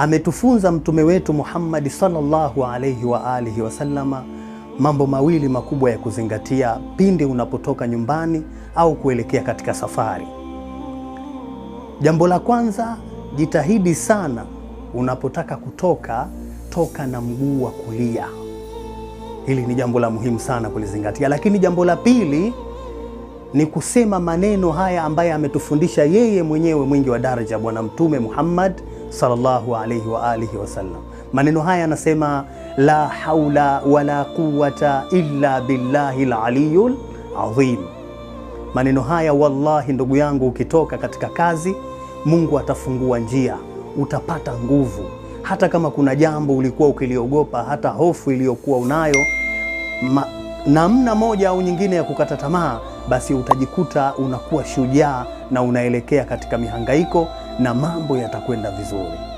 ametufunza mtume wetu Muhammadi sallallahu alaihi wa alihi wasallama mambo mawili makubwa ya kuzingatia pindi unapotoka nyumbani au kuelekea katika safari. Jambo la kwanza, jitahidi sana unapotaka kutoka, toka na mguu wa kulia. Hili ni jambo la muhimu sana kulizingatia. Lakini jambo la pili ni kusema maneno haya ambaye ametufundisha yeye mwenyewe mwingi wa daraja Bwana Mtume Muhammad sallallahu alayhi wa alihi wasallam. Maneno haya anasema, la haula wala quwata illa billahi laliyul adhim. Maneno haya wallahi, ndugu yangu, ukitoka katika kazi, Mungu atafungua njia, utapata nguvu. Hata kama kuna jambo ulikuwa ukiliogopa, hata hofu iliyokuwa unayo namna moja au nyingine ya kukata tamaa basi utajikuta unakuwa shujaa na unaelekea katika mihangaiko na mambo yatakwenda vizuri.